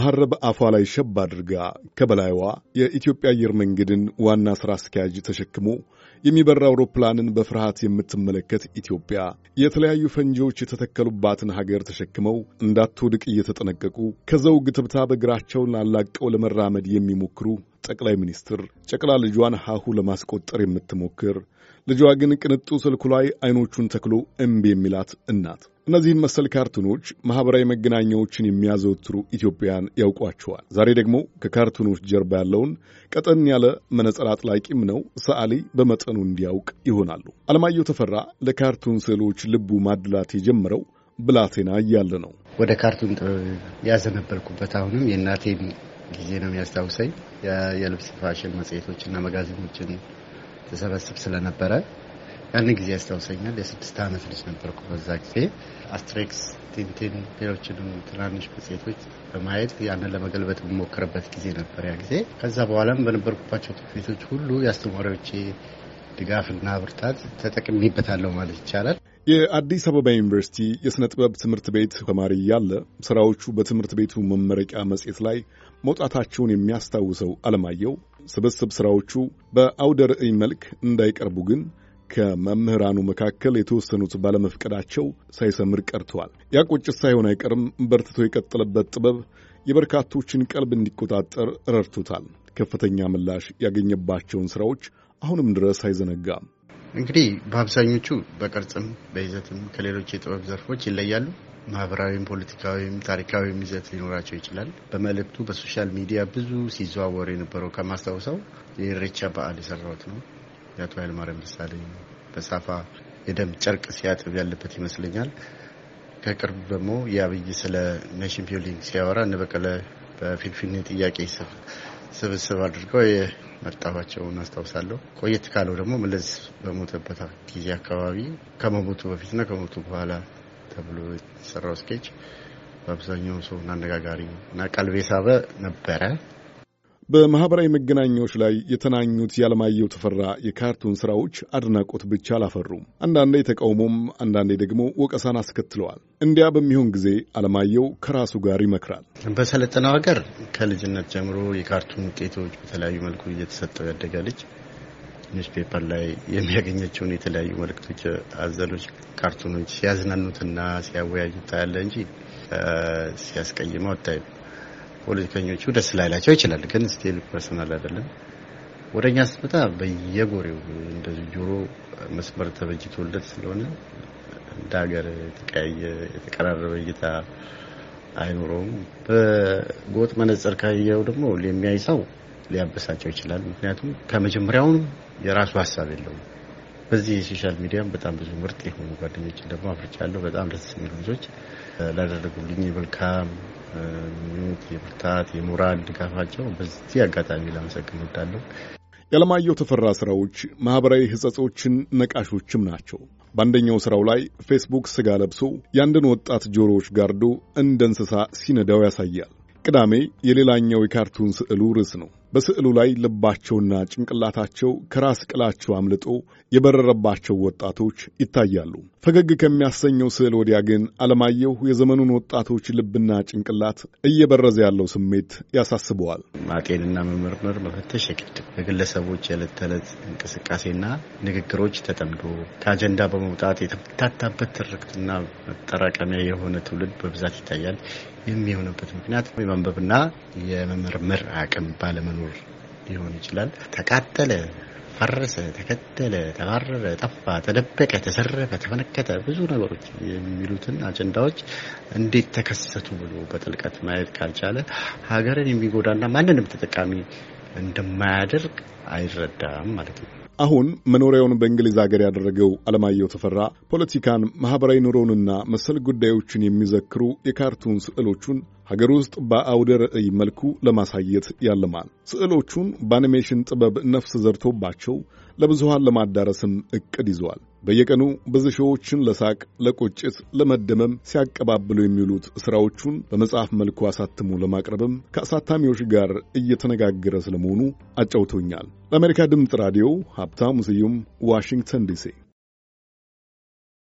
መሐረብ አፏ ላይ ሸብ አድርጋ ከበላይዋ የኢትዮጵያ አየር መንገድን ዋና ሥራ አስኪያጅ ተሸክሞ የሚበራ አውሮፕላንን በፍርሃት የምትመለከት ኢትዮጵያ የተለያዩ ፈንጂዎች የተተከሉባትን ሀገር ተሸክመው እንዳትወድቅ እየተጠነቀቁ ከዘውግ ትብታብ እግራቸውን አላቀው ለመራመድ የሚሞክሩ ጠቅላይ ሚኒስትር ጨቅላ ልጇን ሐሁ ለማስቆጠር የምትሞክር ልጇ ግን ቅንጡ ስልኩ ላይ ዐይኖቹን ተክሎ እምቢ የሚላት እናት እነዚህም መሰል ካርቱኖች ማኅበራዊ መገናኛዎችን የሚያዘወትሩ ኢትዮጵያን ያውቋቸዋል። ዛሬ ደግሞ ከካርቱኖች ጀርባ ያለውን ቀጠን ያለ መነጽር አጥላቂም ነው ሰዓሊ በመጠኑ እንዲያውቅ ይሆናሉ። አለማየሁ ተፈራ ለካርቱን ስዕሎች ልቡ ማድላት የጀመረው ብላቴና እያለ ነው። ወደ ካርቱን ያዘነበልኩበት አሁንም የእናቴን ጊዜ ነው የሚያስታውሰኝ። የልብስ ፋሽን መጽሔቶችና መጋዚኖችን ተሰበስብ ስለነበረ ያን ጊዜ ያስታውሰኛል። የስድስት ዓመት ልጅ ነበርኩ በዛ ጊዜ አስትሬክስ፣ ቲንቲን፣ ሌሎችንም ትናንሽ መጽሔቶች በማየት ያንን ለመገልበጥ የምሞክርበት ጊዜ ነበር ያ ጊዜ። ከዛ በኋላም በነበርኩባቸው ትምህርት ቤቶች ሁሉ የአስተማሪዎቼ ድጋፍና ብርታት ተጠቅሚበታለሁ ማለት ይቻላል። የአዲስ አበባ ዩኒቨርሲቲ የሥነ ጥበብ ትምህርት ቤት ተማሪ ያለ ስራዎቹ በትምህርት ቤቱ መመረቂያ መጽሔት ላይ መውጣታቸውን የሚያስታውሰው አለማየሁ ስብስብ ስራዎቹ በአውደ ርዕይ መልክ እንዳይቀርቡ ግን ከመምህራኑ መካከል የተወሰኑት ባለመፍቀዳቸው ሳይሰምር ቀርተዋል። ያ ቁጭት ሳይሆን አይቀርም በርትቶ የቀጠለበት ጥበብ የበርካቶችን ቀልብ እንዲቆጣጠር ረድቶታል። ከፍተኛ ምላሽ ያገኘባቸውን ስራዎች አሁንም ድረስ አይዘነጋም። እንግዲህ በአብዛኞቹ በቅርጽም በይዘትም ከሌሎች የጥበብ ዘርፎች ይለያሉ። ማህበራዊም፣ ፖለቲካዊም፣ ታሪካዊም ይዘት ሊኖራቸው ይችላል። በመልእክቱ በሶሻል ሚዲያ ብዙ ሲዘዋወር የነበረው ከማስታውሰው የኢሬቻ በዓል የሰራሁት ነው። የአቶ ኃይለማርያም ደሳለኝ በሳፋ የደም ጨርቅ ሲያጥብ ያለበት ይመስለኛል። ከቅርብ ደግሞ የአብይ ስለ ኔሽን ቢልዲንግ ሲያወራ እንበቀለ በፊንፊኔ ጥያቄ ስብስብ አድርገው የመጣኋቸውን አስታውሳለሁ። ቆየት ካለው ደግሞ መለስ በሞተበት ጊዜ አካባቢ ከመሞቱ በፊትና ከሞቱ በኋላ ተብሎ የተሰራው ስኬች በአብዛኛው ሰውን አነጋጋሪ እና ቀልቤ ሳበ ነበረ። በማኅበራዊ መገናኛዎች ላይ የተናኙት ያለማየሁ ተፈራ የካርቱን ሥራዎች አድናቆት ብቻ አላፈሩም። አንዳንዴ ተቃውሞም፣ አንዳንዴ ደግሞ ወቀሳን አስከትለዋል። እንዲያ በሚሆን ጊዜ አለማየሁ ከራሱ ጋር ይመክራል። በሰለጠነው ሀገር ከልጅነት ጀምሮ የካርቱን ውጤቶች በተለያዩ መልኩ እየተሰጠው ያደገ ልጅ ኒውስፔፐር ላይ የሚያገኘቸውን የተለያዩ መልእክቶች አዘሎች ካርቱኖች ሲያዝናኑትና ሲያወያዩ ታያለ እንጂ ሲያስቀይመው አታይም። ፖለቲከኞቹ ደስ ላይላቸው ይችላል፣ ግን ስቲል ፐርሰናል አይደለም። ወደኛ ስትመጣ በየጎሬው እንደዚህ ጆሮ መስመር ተበጅቶለት ስለሆነ እንደ ሀገር የተቀያየ የተቀራረበ እይታ አይኖረውም። በጎጥ መነጽር ካየው ደግሞ የሚያይ ሰው ሊያበሳጨው ይችላል። ምክንያቱም ከመጀመሪያውኑ የራሱ ሀሳብ የለውም። በዚህ የሶሻል ሚዲያም በጣም ብዙ ምርጥ የሆኑ ጓደኞችን ደግሞ አፍርቻለሁ። በጣም ደስ የሚሉ ልጆች ላደረጉልኝ የመልካም ምኞት፣ የብርታት፣ የሞራል ድጋፋቸው በዚህ አጋጣሚ ላመሰግን እወዳለሁ። የዓለማየሁ ተፈራ ስራዎች ማኅበራዊ ሕጸጾችን ነቃሾችም ናቸው። በአንደኛው ሥራው ላይ ፌስቡክ ሥጋ ለብሶ የአንድን ወጣት ጆሮዎች ጋርዶ እንደ እንስሳ ሲነዳው ያሳያል። ቅዳሜ የሌላኛው የካርቱን ስዕሉ ርዕስ ነው። በስዕሉ ላይ ልባቸውና ጭንቅላታቸው ከራስ ቅላቸው አምልጦ የበረረባቸው ወጣቶች ይታያሉ። ፈገግ ከሚያሰኘው ስዕል ወዲያ ግን አለማየሁ የዘመኑን ወጣቶች ልብና ጭንቅላት እየበረዘ ያለው ስሜት ያሳስበዋል። ማጤንና መመርመር፣ መፈተሽ የግድ በግለሰቦች የዕለት ተዕለት እንቅስቃሴና ንግግሮች ተጠምዶ ከአጀንዳ በመውጣት የተምታታበት ትርክትና መጠራቀሚያ የሆነ ትውልድ በብዛት ይታያል። የሚሆንበት ምክንያት የማንበብና የመመርመር አቅም ባለመኖ የሚውል ሊሆን ይችላል። ተቃጠለ፣ ፈረሰ፣ ተከተለ፣ ተባረረ፣ ጠፋ፣ ተደበቀ፣ ተሰረፈ ተፈነከተ ብዙ ነገሮች የሚሉትን አጀንዳዎች እንዴት ተከሰቱ ብሎ በጥልቀት ማየት ካልቻለ ሀገርን የሚጎዳና ማንንም ተጠቃሚ እንደማያደርግ አይረዳም ማለት ነው። አሁን መኖሪያውን በእንግሊዝ ሀገር ያደረገው አለማየሁ ተፈራ ፖለቲካን፣ ማኅበራዊ ኑሮንና መሰል ጉዳዮችን የሚዘክሩ የካርቱን ስዕሎቹን ሀገር ውስጥ በአውደ ርዕይ መልኩ ለማሳየት ያለማል። ስዕሎቹን በአኒሜሽን ጥበብ ነፍስ ዘርቶባቸው ለብዙሃን ለማዳረስም እቅድ ይዘዋል። በየቀኑ ብዙ ሺዎችን ለሳቅ፣ ለቁጭት፣ ለመደመም ሲያቀባብሉ የሚውሉት ሥራዎቹን በመጽሐፍ መልኩ አሳትሞ ለማቅረብም ከአሳታሚዎች ጋር እየተነጋገረ ስለመሆኑ አጫውቶኛል። ለአሜሪካ ድምፅ ራዲዮ ሀብታሙ ስዩም ዋሽንግተን ዲሲ